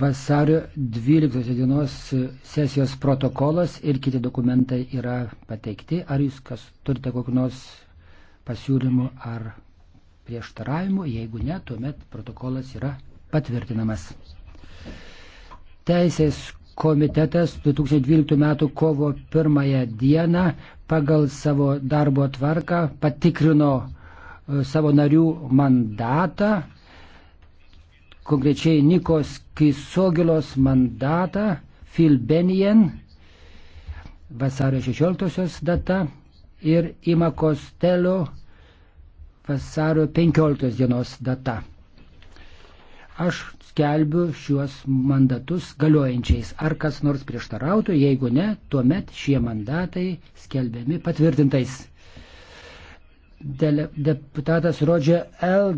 Vasario 12 dienos sesijos protokolas ir kiti dokumentai yra pateikti. Ar jūs kas turite kokiu nors pasiūlymu ar prieštaravimu? Jeigu ne, tuomet protokolas yra patvirtinamas. Teisės komitetas 2012 m. kovo 1 d. pagal savo darbo tvarką patikrino e, savo narių mandatą konkrečiai Nikos Kisogilos mandatą Filbenien vasario 16 data ir Ima Kostelio vasario 15 dienos data. Aš skelbiu šiuos mandatus galiojančiais. Ar kas nors prieštarautų, jeigu ne, tuomet šie mandatai skelbiami patvirtintais. Dele, deputatas Rodžia L.